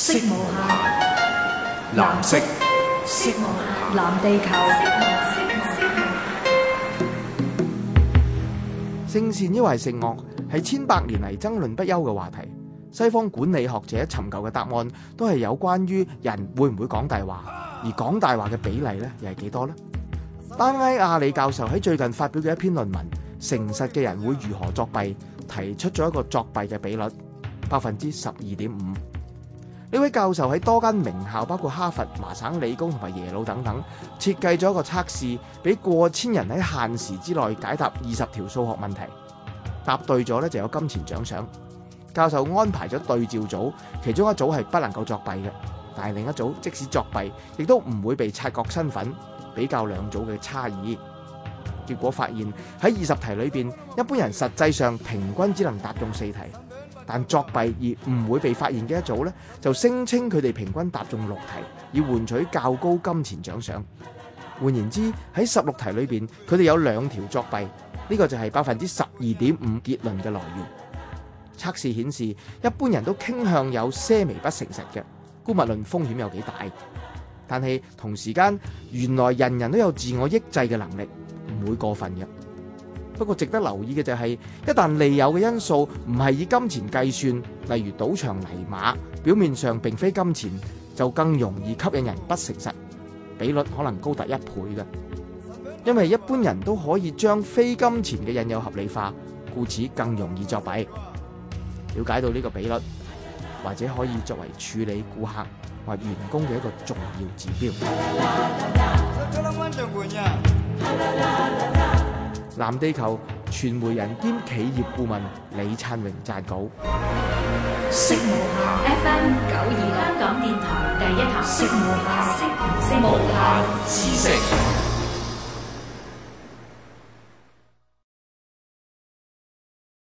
色無限，藍色，色，下藍，色，色下藍地球。性善抑或係性惡，係千百年嚟爭論不休嘅話題。西方管理學者尋求嘅答案，都係有關於人會唔會講大話，而講大話嘅比例咧，又係幾多呢？丹埃亞里教授喺最近發表嘅一篇論文《誠實嘅人會如何作弊》，提出咗一個作弊嘅比率，百分之十二點五。呢位教授喺多間名校，包括哈佛、麻省理工同埋耶魯等等，設計咗一個測試，俾過千人喺限時之內解答二十條數學問題，答對咗咧就有金錢獎賞。教授安排咗對照組，其中一組係不能夠作弊嘅，但係另一組即使作弊，亦都唔會被察覺身份。比較兩組嘅差異，結果發現喺二十題裏邊，一般人實際上平均只能答中四題。但作弊而唔會被發現嘅一組呢，就聲稱佢哋平均答中六題，以換取較高金錢獎賞。換言之，喺十六題裏面，佢哋有兩條作弊，呢個就係百分之十二點五結論嘅來源。測試顯示，一般人都傾向有些微不誠實嘅，姑勿論風險有幾大。但係同時間，原來人人都有自我抑制嘅能力，唔會過分嘅。不過值得留意嘅就係、是，一旦利誘嘅因素唔係以金錢計算，例如賭場、泥馬，表面上並非金錢，就更容易吸引人不誠實，比率可能高達一倍嘅。因為一般人都可以將非金錢嘅引誘合理化，故此更容易作弊。了解到呢個比率，或者可以作為處理顧客或員工嘅一個重要指標。啊啊啊啊啊啊藍地球傳媒人兼企業顧問李燦榮撰稿。